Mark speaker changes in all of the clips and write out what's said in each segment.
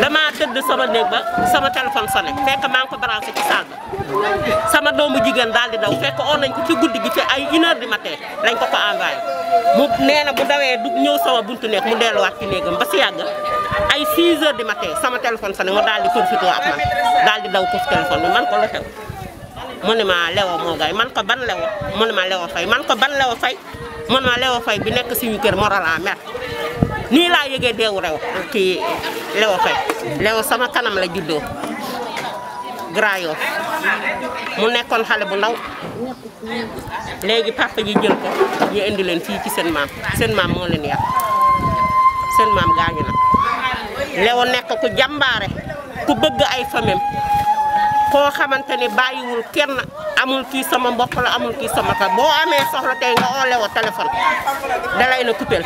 Speaker 1: damaa tëdd sama néeg ba sama téléphone sonné fekk maa ngi ko branché ci salle ba sama doomu jigéen daal di daw fekk oo nañ ko ci guddi gi te ay une heure du matin lañ ko ko envoyé mu nee na bu dawee du ñëw sama buntu néeg mu delluwaat ci néegam ba si yàgg ay 6 di du matin sama téléphone sonné mu daal di profité ak man daal di daw ko ci bi man ko la xew mu ne ma lewo moo man ko ban lewo mu ne ma lewo fay man ko ban lewo fay mu ne ma lewo fay bi nekk suñu kër Morolan mer nii laa yëgee deewu rew kii lewo fay lewo sama kanam la juddoo grayo mu nekkoon xale bu ndaw léegi papa ji jël ko ñu indi leen fii ci seen maam seen maam moo leen yar seen maam gaañu na lewo nekk ku jàmbaare ku bëgg ay famem koo xamante ne bàyyiwul kenn amul kii sama mbokk amul kii sama ka boo amee soxla tey nga oo lewo téléphone dalay na coupé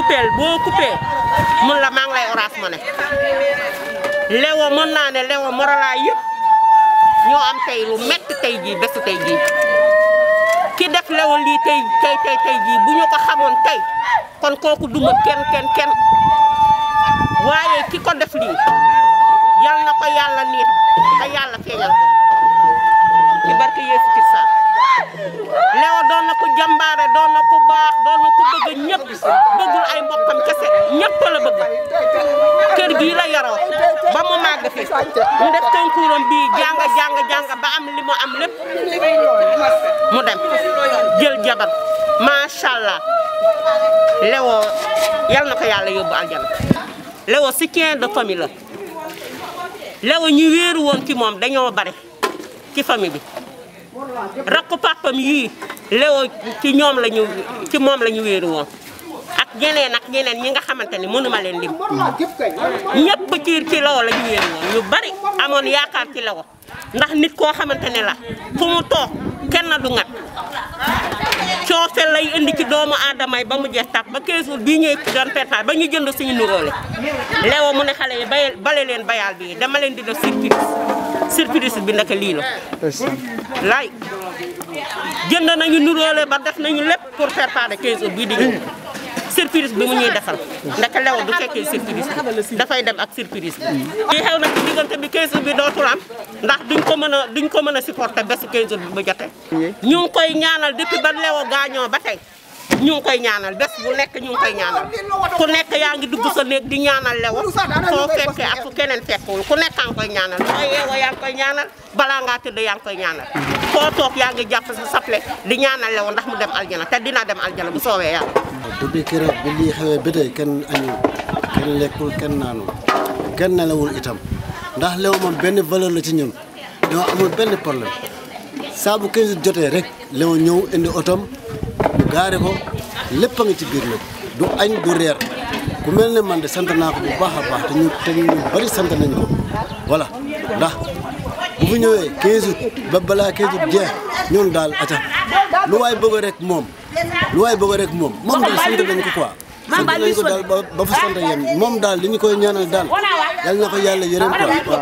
Speaker 1: coupeel boo coupé mun la maa ngi lay Orange Money léwo mën naa ne léwo morala yëpp ñoo am tey lu metti tey jii bésu tey jii ki def léwo lii tey tey tey jii bu ñu ko xamoon tey kon kooku duma kenn kenn kenn waaye ki ko def lii yal ko yàlla nit te yàlla feeñal ko barke Yeesu Kirista léwo doon na ko jàmbaare doon na ko baax doon na ko bëgg ñëpp mu def concours am bii jàng jàng jàng ba am li mu am lépp mu dem jël jabar macha allah Léwo yal na yàlla yóbbu aljana Léwo soutien de famille la Léwo ñu wéeru woon ci moom dañoo bare ci famille bi rakku papam yii Léwo ci ñoom la ñu ci moom la ñu wéeru woon. ñeneen ak ñeneen ñi nga xamante ni mënuma leen lim ñëpp ci ci loxo la ñu yëngu ñu bari amoon yaakaar ci loxo ndax nit koo xamante ne la fu mu toog kenn du ngat coose lay indi ci doomu aadama yi ba mu jeex tax ba 15 jours bii ñëwee ci doon ba ñu jënd suñu nuróole leewa mu ne xale yi ba bale leen bayal bi dama leen di def surprise surprise bi naka lii la lay jënd nañu nuróole ba def nañu lépp pour pertaal 15 jours bii di ñëw surprise bi mu ñuy defal ndaka lew du fekkee surprise dafay dem ak surprise bi lii xew nag diggante bi 15 bi dootul am ndax duñ ko mën a duñ ko mën a supporter bés 15 jours bi bu jotee ñu ngi koy ñaanal depuis ba lewo gaañoo ba tey ñu ngi koy ñaanal bés bu nekk ñu ngi koy ñaanal ku nekk yaa ngi dugg sa néeg di ñaanal lewo soo fekkee ak ku keneen fekkul ku nekk yaa ngi koy ñaanal soo yeewoo yaa ngi koy ñaanal balaa ngaa tëdd yaa ngi koy ñaanal foo toog yaa ngi jàpp sa saple di ñaanal lew ndax mu dem aljana te dinaa dem aljana bu soowee yàlla. depuis keroog bi lii xewee ba kenn añul kenn lekkul kenn naanul kenn nelawul itam ndax lew moom benn valeur la ci ñun ñoo amul benn problème saa bu 15 jotee rek lew ñëw indi otoom mu gaare ko lépp a ngi ci biir nag du añ du reer ku mel ne man de sant naa ko bu baax a te ñu te ñu bari sant nañ ko voilà ndax. fi ñëwee 15 août ba balaa 15 août jeex ñun daal ati lu waay bëgg rek moom lu waay bëgg rek moom moom daal sant nañ ko quoi. sant nañ ko daal ba fa sant yéen moom daal li ñu ko ñaanal daal yal na ko yàlla yërëm quoi.